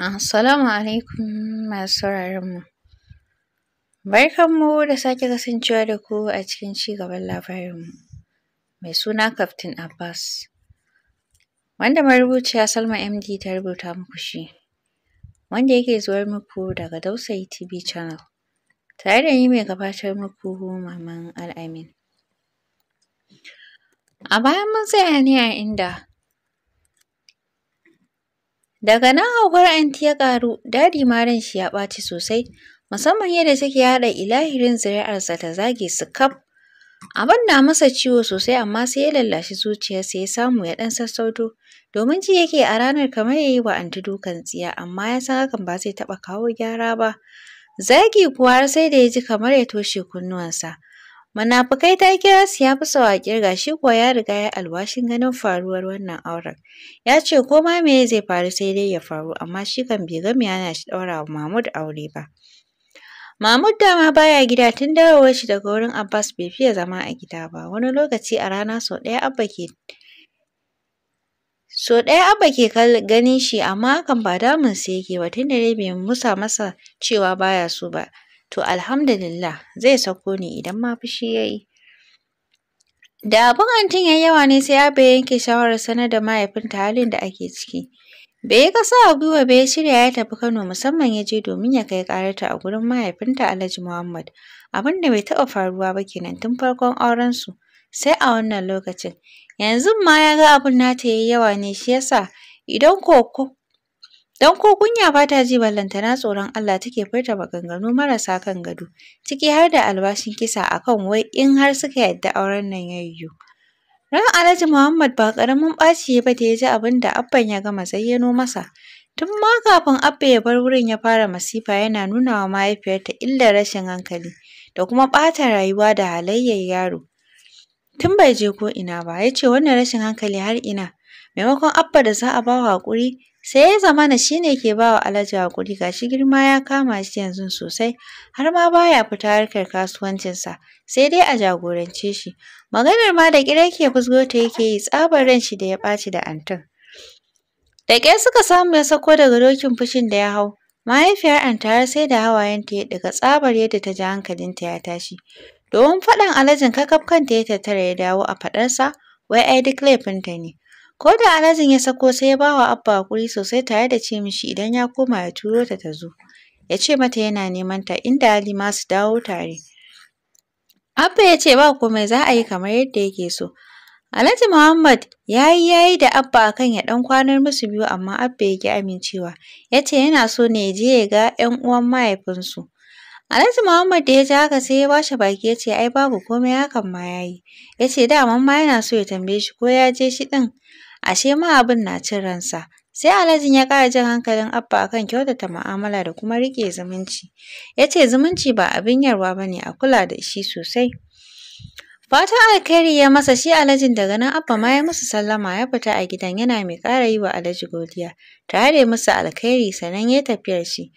Assalamu alaikum masu barkan Barkanmu da sake kasancewa da ku a cikin ci gaban labarinmu. Mai suna Captain Abbas. Wanda marubuciya Salma MD ta rubuta muku shi. Wanda yake zuwar muku daga Dausayi TV Channel. Tare da yi mai gabatar muku Maman Al'amin. A bayan mun tsaya ne a inda Daga nan haukar anti ya ƙaru, dadi ma ran shi ya ɓaci sosai, musamman yadda take haɗa ilahirin zuri'arsa ta zage su kaf. Abin na masa ciwo sosai amma sai ya lallashi zuciyarsa ya samu ya ɗan sassauto, domin ji yake a ranar kamar ya yi wa anti dukan tsiya amma ya san hakan ba zai taɓa kawo gyara ba. Zagi kuwa har sai da ya ji kamar ya toshe kunnuwansa. Munafukai ta kira su ya fi sawa kirga shi kuwa ya riga ya alwashin ganin faruwar wannan auren. Ya ce ko ma me zai faru sai dai ya faru amma shi kan bai ga me yana shi ɗaura wa Mahmud aure ba. Mahmud dama baya gida tun dawowar shi daga wurin Abbas bai fiye zama a gida ba. Wani lokaci a rana sau ɗaya Abba ke So ɗaya Abba ke ganin shi amma hakan ba damun sa yake ba tunda dai bai musa masa cewa baya so ba. to alhamdulillah zai sako ni idan ma fushi ya yi. Da abin antin ya yawa ne sai Abba ya yanke shawarar sanar da mahaifinta halin da ake ciki. Bai yi kasa a gwiwa bai shirya ya tafi Kano musamman ya je domin ya kai ƙararta a gurin mahaifinta Alhaji Muhammad. Abin da bai taɓa faruwa ba kenan tun farkon aurensu sai a wannan lokacin. Yanzu ma ya ga abin nata ya yawa ne shi yasa idan ko Don ko kunya ba ta ji ballantana tsoron Allah take furta maganganu marasa kan gado, ciki har da albashin kisa a kan wai in har suka yadda auren nan ya yiwu. Ran Alhaji Muhammad ba ƙaramin ɓaci ba ta ya ji abin da Abban ya gama zayyano masa. Tun ma kafin Abba ya bar wurin ya fara masifa yana nuna wa mahaifiyarta illar rashin hankali da kuma ɓata rayuwa da halayyar yaro. Tun bai je ko ina ba, ya ce wannan rashin hankali har ina, maimakon Abba da za a ba wa haƙuri, sai ya zamana shi ne ke ba wa alhaji haƙuri gashi girma ya kama shi yanzu sosai har ma baya fita harkar kasuwancinsa sai dai a jagorance shi maganar ma da ƙira ke fusgo yake yi tsabar ran shi da ya ɓaci da antin da ƙyar suka samu ya sako daga dokin fushin da ya hau mahaifiyar antara sai da hawayenta ya daga tsabar yadda ta ji hankalinta ya tashi domin faɗan alajin kakaf kanta ya tattara ya dawo a faɗarsa wai ai duk laifinta ne Ko da Alhajin ya sako sai ya bawa Abba hakuri sosai tare da ce mishi idan ya koma ya turo ta ta zo. Ya ce mata yana neman ta inda hali ma su dawo tare. Abba ya ce ba komai za a yi kamar yadda yake so. Alhaji Muhammad ya yi ya da Abba a kan ya ɗan kwanar musu biyu amma Abba ya ƙi amincewa. Ya ce yana so ne ya je ya ga ‘yan uwan mahaifinsu. Alhaji Muhammad da ya ji haka sai ya ba shi baki ya ce ai babu komai hakan ma ya yi. Ya ce dama ma yana so ya tambaye shi ko ya je shi ɗin ashe ma abin na cin ransa sai alhajin ya ƙara jin hankalin abba akan kyautata mu'amala da kuma riƙe zumunci ya ce zumunci ba abin yarwa ba ne a kula da shi sosai fatan alkhairi ya masa shi alhajin daga nan abba ma ya musu sallama ya fita a gidan yana mai ƙara yi wa alhaji godiya ta da musu alkhairi sannan ya tafiyar shi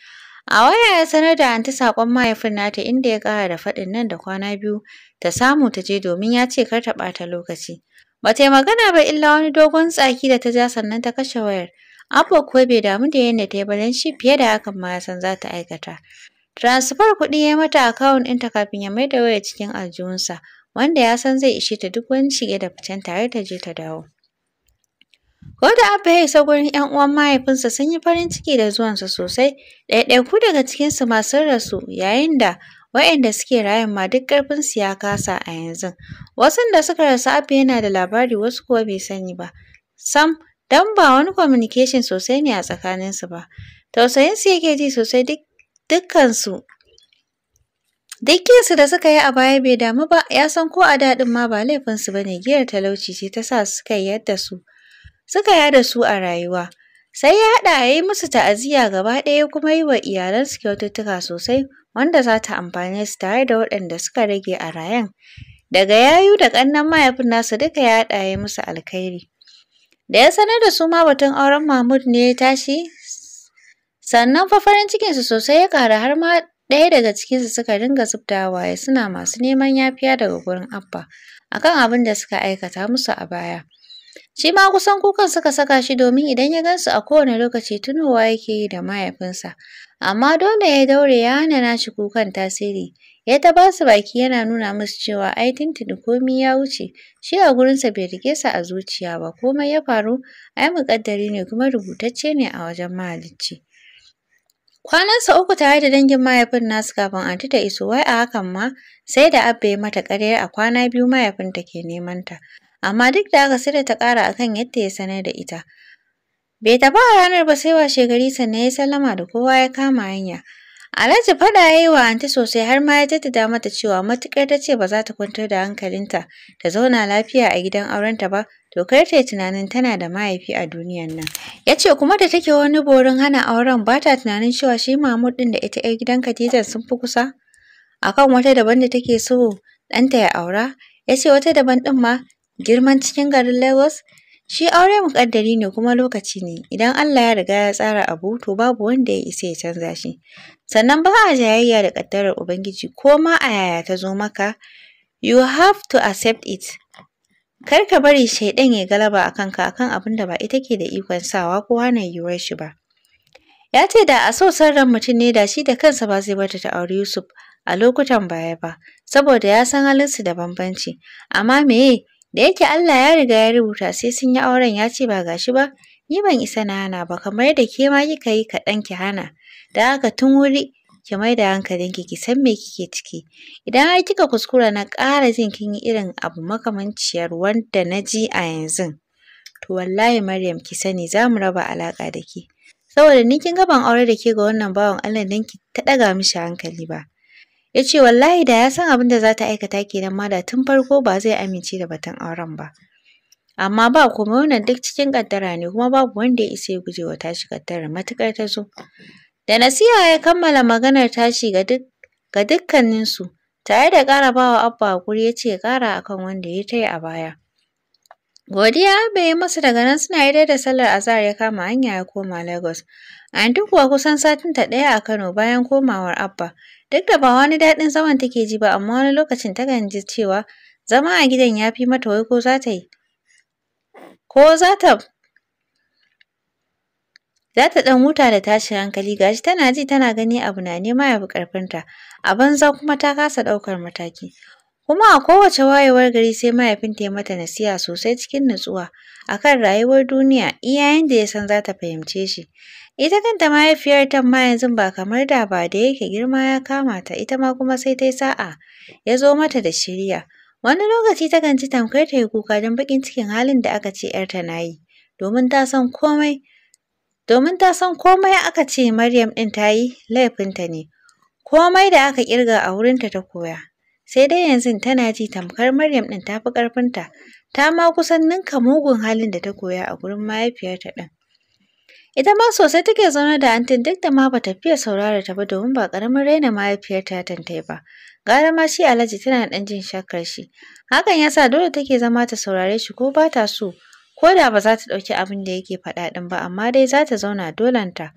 A waya ya sanar da anti saƙon mahaifin nata inda ya ƙara da faɗin nan da kwana biyu ta samu ta je domin ya ce kar ta ɓata lokaci. Ba ta yi magana ba illa wani dogon tsaki da ta ja sannan ta kashe wayar. Abba kuwa bai damu da yadda ta yi ba fiye da hakan ma ya san za ta aikata. Transfer kuɗi ya mata akawun ɗinta kafin ya maida wayar cikin aljihunsa, wanda ya san zai ishe ta duk wani shige da ficen tare ta je ta dawo. Ko da Abba ya isa gurin ‘yan uwan mahaifinsa sun yi farin ciki da zuwansa sosai, ɗaiɗaiku daga cikinsu ma sun rasu yayin da Wa'inda suke rayan ma duk ƙarfinsu ya kasa a yanzu. Wasun da suka rasu abu yana da labari wasu kuwa bai sani ba. Sam, dan ba wani communication sosai ne a tsakaninsu ba. Tausayinsu yake ji sosai duk dukkansu. Dukkinsu da suka yi a baya bai damu ba, ya san ko a daɗin ma ba laifinsu ba ne giyar talauci ce ta sa suka yadda su. Suka yada su a rayuwa. Sai ya haɗa a yi musu ta'aziyya gaba ɗaya kuma yi wa iyalansu kyaututtuka sosai. wanda za ta amfane su tare da waɗanda suka rage a rayan Daga yayu da ƙannan mahaifin nasu duka ya ɗaya musu alkhairi. Da ya sanar da su ma batun auren Mahmud ne ya tashi, sannan fa farin cikinsu sosai ya ƙara har ma ɗaya daga cikinsu suka dinga zubta waye suna masu neman yafiya daga gurin Abba akan abin da suka aikata musu a baya. Shi ma kusan kukan suka saka shi domin idan ya gansu a kowane lokaci tunowa yake yi da mahaifinsa. amma dole ya daure ya hana nashi kukan tasiri. Ya ta ba su baki yana nuna musu cewa ai tuntuni komi ya wuce, shi a gurinsa bai rike sa a zuciya ba, komai ya faru ai muƙaddari ne kuma rubutacce ne a wajen mahalicci. Kwanansa uku tare da dangin mahaifin nasu kafin anti ta iso wai a hakan ma sai da abba ya mata kare a kwana biyu mahaifinta ke neman ta. Amma duk da haka sai da ta ƙara akan yadda ya sanar da ita. Bai tafi a ranar ba sai washe gari sannan ya sallama da kowa ya kama hanya. Alhaji faɗa ya yi wa anti sosai har ma ya jaddada mata cewa matuƙar ta ce ba za ta kwantar da hankalinta ta zauna lafiya a gidan aurenta ba to kar ta yi tunanin tana da mahaifi a duniyan nan. Ya ce kuma da take wani borin hana auren ba ta tunanin cewa shi Mahmud ɗin da ita 'yar gidan Khadija sun fi kusa akan wata daban da take so ɗanta ya aura. Ya ce wata daban ɗin ma girman cikin garin Lagos Shi aure muƙaddari ne kuma lokaci ne, idan Allah ya riga ya tsara abu to babu wanda ya isa ya canza shi. Sannan ba a jayayya da ƙaddarar Ubangiji ko ma a yaya ta zo maka, you have to accept it. Kar ka bari shaiɗan ya galaba a kanka a kan abin da ba ita ke da ikon sawa ko hana yiwuwar shi ba. Ya ce da a so ran mutum ne da shi da kansa ba zai bata ta auri Yusuf a lokutan baya ba, saboda ya san halinsu da bambanci. Amma meye, Da yake Allah ya riga ya rubuta sai sun yi auren ya ce ba gashi ba, ni ban isa na hana ba kamar yadda ke ma kika yi kaɗan ki hana. Da haka tun wuri ki mai da hankalin ki san me kike ciki. Idan har kika kuskura na ƙara jin kin yi irin abu makamanciyar wanda na ji a yanzu, to wallahi Maryam ki sani za mu raba alaƙa da ke. Saboda ni kin ga ban aure da ke ga wannan bawan Allah dan ki ta ɗaga mishi hankali ba. ya ce wallahi da ya san abin da za ta aikata kenan ma da tun farko ba zai amince da batun auren ba amma ba komai wannan duk cikin kaddara ne kuma babu wanda ya isa ya guje wa tashi kaddarar matukar ta zo da nasiha ya kammala maganar tashi ga duk ga dukkaninsu tare da ƙara bawa abba hakuri ya ce ya ƙara akan wanda ya yi a baya Godiya bai yi masa daga nan suna yi da sallar azahar ya kama hanya ya koma Lagos. Anti kuwa kusan ta ɗaya a Kano bayan komawar Abba. Duk da ba wani daɗin zaman take ji ba amma wani lokacin ta ji cewa zama a gidan ya fi mata wai ko za ta yi. Ko za ta za ta ɗan huta da tashin hankali gashi tana ji tana gani abu na nema ya fi ƙarfinta. A banza kuma ta kasa ɗaukar mataki. Kuma a kowace wayewar gari sai mahaifin ta yi mata nasiha sosai cikin nutsuwa akan rayuwar duniya iya da ya san za ta fahimce shi. Ita kanta mahaifiyar ma yanzu ba kamar da ba da yake girma ya kama ta ita ma kuma sai ta yi sa'a ya zo mata da shirya. Wani lokaci takan ganci tamkar ta yi kuka don baƙin cikin halin da aka ce ‘yarta na yi domin ta san komai domin ta san komai aka ce Maryam ɗin ta yi laifinta ne, komai da aka ƙirga a wurinta ta koya. sai dai yanzu tana ji tamkar Maryam ɗin tafi ƙarfinta, ta ma kusan ninka mugun halin da ta koya a gurin mahaifiyarta ɗin. Ita ma sosai take zaune da antin duk da ma bata fiye saurara ta ba domin ba ƙaramin raina mahaifiyarta ta tantai ba. Gara ma shi Alhaji tana ɗan jin shakkar shi, hakan ya sa dole take zama ta saurare shi ko ba ta so, ko da ba za ta ɗauki abin da yake faɗa ɗin ba amma dai za ta zauna dolenta.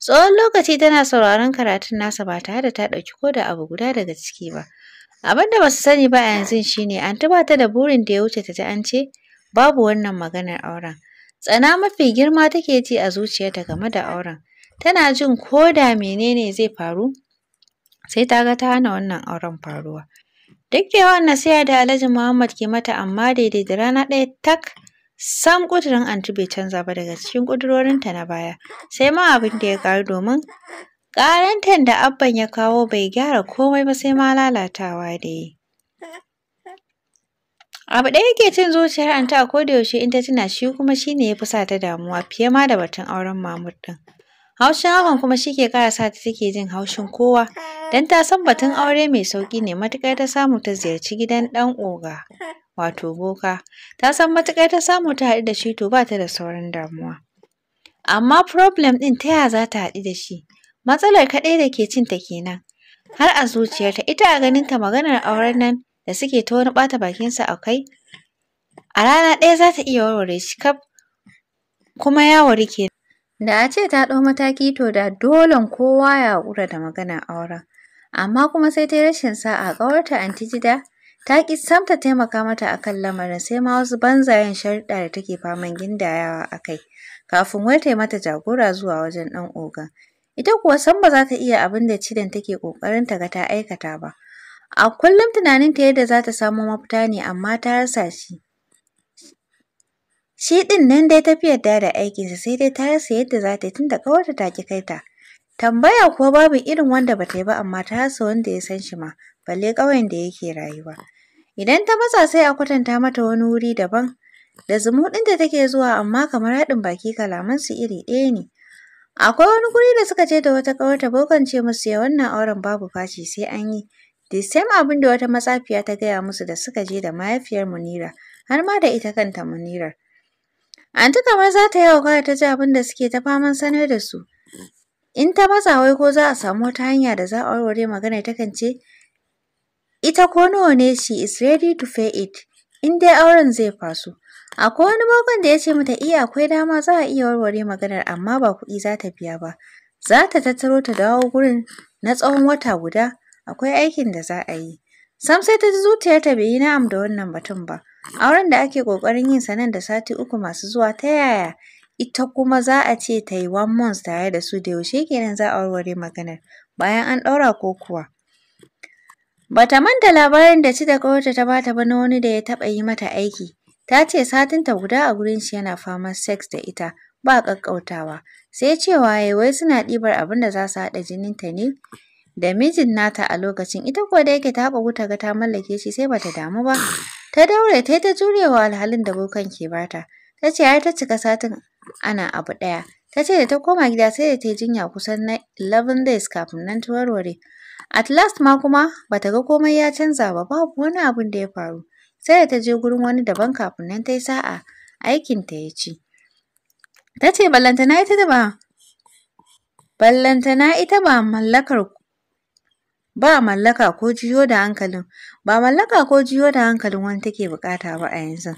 Tsawon lokaci tana sauraron karatun nasa ba tare da ta ɗauki ko da abu guda daga ciki ba. Abin da ba su sani ba a yanzu ne, an ba ta da burin da ya wuce ta ji an ce babu wannan maganar auren. Tsana mafi girma take ji a zuciyarta game da auren. Tana jin ko da menene zai faru sai ta ga ta hana wannan auren faruwa. Duk da yawan nasiha da Alhaji Muhammad ke mata amma daidai da rana ɗaya tak sam ƙudurin anti bai canza ba daga cikin ƙudurorinta na baya sai ma abin da ya ƙaru domin Ƙarantar da Abban ya kawo bai gyara komai ba sai ma lalatawa da yi. Abu ɗaya yake cin zuciyar anta a koda yaushe in ta tuna shi kuma shi ne ya fi sa ta damuwa fiye ma da batun auren Mahmud ɗin. Haushin hakan kuma shi ke ƙara sa ta take jin haushin kowa don ta san batun aure mai sauƙi ne matuƙar ta samu ta ziyarci gidan ɗan oga wato boka. Ta san matuƙar ta samu ta haɗu da shi to ba ta da sauran damuwa. Amma problem ɗin ta yaya za ta haɗu da shi? Matsalar kaɗai da ke cinta kenan. Har a zuciyarta ita a ganinta maganar auren nan da suke ta wani ɓata bakinsa akwai, a rana ɗaya za ta iya warware shi kaf kuma ya ke Da a ce ta ɗau mataki to da dolen kowa ya haƙura da maganar auren. Amma kuma sai ta yi rashin sa'a ƙawarta Anti Jida ta ƙi sam ta taimaka mata a kan lamarin sai ma wasu banzayen sharuɗa da take faman gindayawa a kai kafin wai ta yi mata jagora zuwa wajen ɗan ogan. ita kuwa san ba za ta iya abin da cidan take kokarin ta ga ta aikata ba. A kullum tunaninta yadda za ta samu mafita ne amma ta rasa shi. Shi ɗin nan dai ta fi da da aikinsa sai dai ta rasa yadda za ta yi tunda ta ƙi kai ta. Tambaya kuwa babu irin wanda ba ta yi ba amma ta rasa wanda ya san shi ma balle ƙauyen da yake rayuwa. Idan ta matsa sai a kwatanta mata wani wuri daban da zumuɗin da take zuwa amma kamar haɗin baki kalamansu iri ɗaya ne. Akwai wani guri da suka je da wata ƙawar ta bokance musu ya wannan auren babu faci sai an yi. The same abin da wata matsafiya ta gaya musu da suka je da mahaifiyar Munira, har ma da ita kanta Munirar. Anti kamar za ta yi wa ta ji abin da suke ta faman sanar da su. In ta matsa wai ko za a samu wata hanya da za a warware magana takan ce, ita ko nawa ne she is ready to pay it, in dai auren zai faso. Akwai wani bakon da ya ce mata iya akwai dama za a iya warware maganar amma ba kuɗi za ta biya ba. Za ta tattaro ta dawo gurin na tsawon wata guda akwai aikin da za a yi. Sam sai ta ji zuciyarta bai yi na'am da wannan batun ba. Auren da ake ƙoƙarin yin sa da sati uku masu zuwa ta yaya ita kuma za a ce ta yi one month tare da su da yaushe kenan za a warware maganar bayan an ɗaura ko kuwa. Bata manta labarin da ci da kawarta ta bata ba na wani da ya taɓa yi mata aiki Ta ce satinta guda a gurin shi yana fama sex da ita ba ƙaƙƙautawa. Sai cewa yayi wai suna ɗibar abin da za su haɗa jininta ne da mijin nata a lokacin ita kuwa da yake ta bugu ta ga ta mallake shi sai bata damu ba. Ta daure ta ta jurewa alhalin da bokan ke bata. Ta ce har ta cika satin ana abu ɗaya. Ta ce da ta koma gida sai da ta yi jinya kusan na 11 days kafin nan ta warware. At last ma kuma bata ga komai ya canza ba babu wani abin da ya faru. sai da ta je gurin wani daban kafin nan ta yi sa'a aikinta ya ci. Ta ce ballantana ita ba ballantana ita ba mallakar ba mallaka ko jiyo da hankalin ba mallaka ko jiyo da hankalin wani take bukata ba a yanzu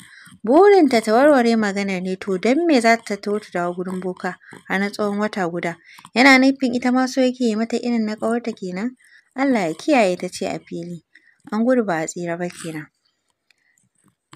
burinta ta warware maganar ne to dan me za ta tawo ta gurin boka a na tsawon wata guda yana nufin ita ma so yake yi mata irin na ƙawarta kenan Allah ya kiyaye ta ce a fili an gudu ba a tsira ba kenan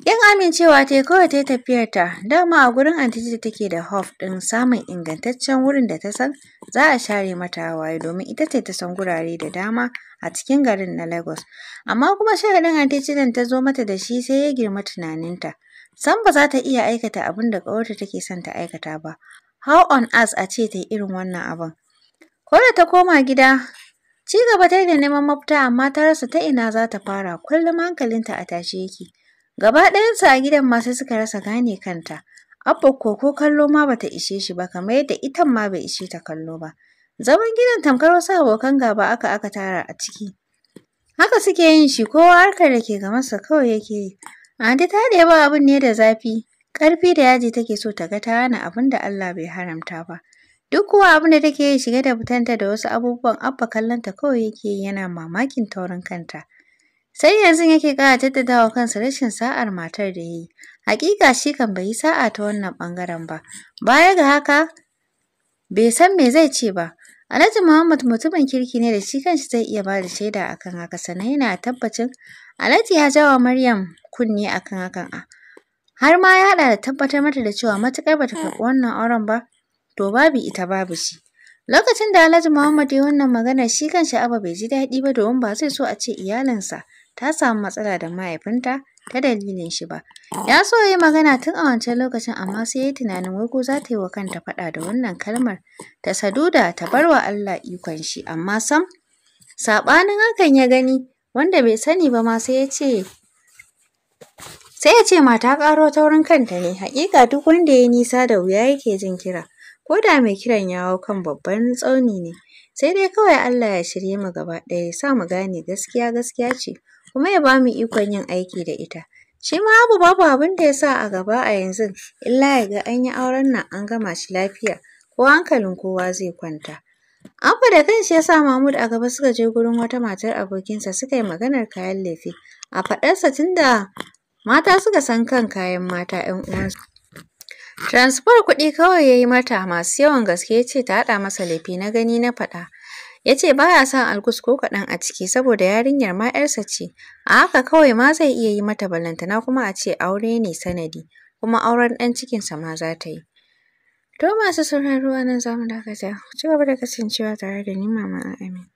Yin amincewa ta yi kawai ta yi tafiyarta, dama a gurin antiji take da hof ɗin samun ingantaccen wurin da ta san za a share mata hawaye domin ita ce ta san gurare da dama a cikin garin na Lagos. Amma kuma sharaɗin antijidan ta zo mata da shi sai ya girma tunaninta. Sam ba za ta iya aikata abin da ƙawarta take son ta aikata ba. How on earth a ce ta yi irin wannan abin? Ko ta koma gida, ci gaba ta da neman mafita amma ta rasa ta ina za ta fara kullum hankalinta a tashe yake. Gaba ɗayansu a gidan masu suka rasa gane kanta. Abba ko ko kallo ma bata ishe shi ba kamar yadda itan ma bai ishe ta kallo ba. Zaman gidan tamkar wasu abokan gaba aka aka tara a ciki. Haka suke yin shi kowa harkar da ke masa kawai yake yi. Andi ta yaba abin ne da zafi, ƙarfi da yaji take so ta ga ta hana abin da Allah bai haramta ba. Duk kuwa abin da take yi shige da fitanta da wasu abubuwan Abba kallonta kawai yake yi yana mamakin taurin kanta. Sai yanzu yake ƙara jaddadawa kansa rashin sa'ar matar da ya yi. Hakika shi kan bai sa'a ta wannan bangaren ba. Baya ga haka, bai san me zai ce ba. Alhaji Muhammad mutumin kirki ne da shi kanshi zai iya bada shaida akan haka sannan yana tabbacin Alhaji ya jawa Maryam kunni akan hakan a. Har ma ya haɗa da tabbatar mata da cewa matukar bata karɓi wannan auren ba to babu ita babu shi. Lokacin da Alhaji Muhammad ya wannan magana shi kanshi Abba bai ji daɗi ba domin ba zai so a ce iyalinsa ta samu matsala da mahaifinta ta dalilin shi ba. Ya so ya yi magana tun a wancan lokacin amma sai ya yi tunanin wai ko za ta yi wa kanta faɗa da wannan kalmar ta saduda ta bar wa Allah ikon shi amma sam saɓanin hakan ya gani wanda bai sani ba ma sai ya ce sai ya ce mata ƙaro ta wurin kanta ne haƙiƙa duk wanda ya yi nisa da wuya yake jin kira ko da mai kiran ya hau kan babban tsauni ne sai dai kawai Allah ya shirye mu gaba ɗaya ya sa mu gane gaskiya gaskiya ce kuma ya bamu ikon yin aiki da ita. Shi ma Abu babu abin da ya sa a gaba a yanzu illa ya ga an yi auren nan an gama shi lafiya ko hankalin kowa zai kwanta. Abba da kanshi ya sa Mahmud a gaba suka je gurin wata matar abokinsa suka yi maganar kayan lefe. A faɗarsa tunda mata suka san kan kayan mata ‘yan uwansu. transport kuɗi kawai ya yi mata masu yawan gaske ya ce ta haɗa masa lefe na gani na faɗa. Ya ce ba ya son algus ko kaɗan a ciki saboda yarinyar ma ‘yarsa ce, a haka kawai ma zai iya yi mata ballantana kuma a ce aure ne sanadi, kuma auren ɗan cikinsa ma za ta yi. To masu sauran ruwa nan za mu dakata, ku ci gaba da kasancewa tare da ni Mama Amin.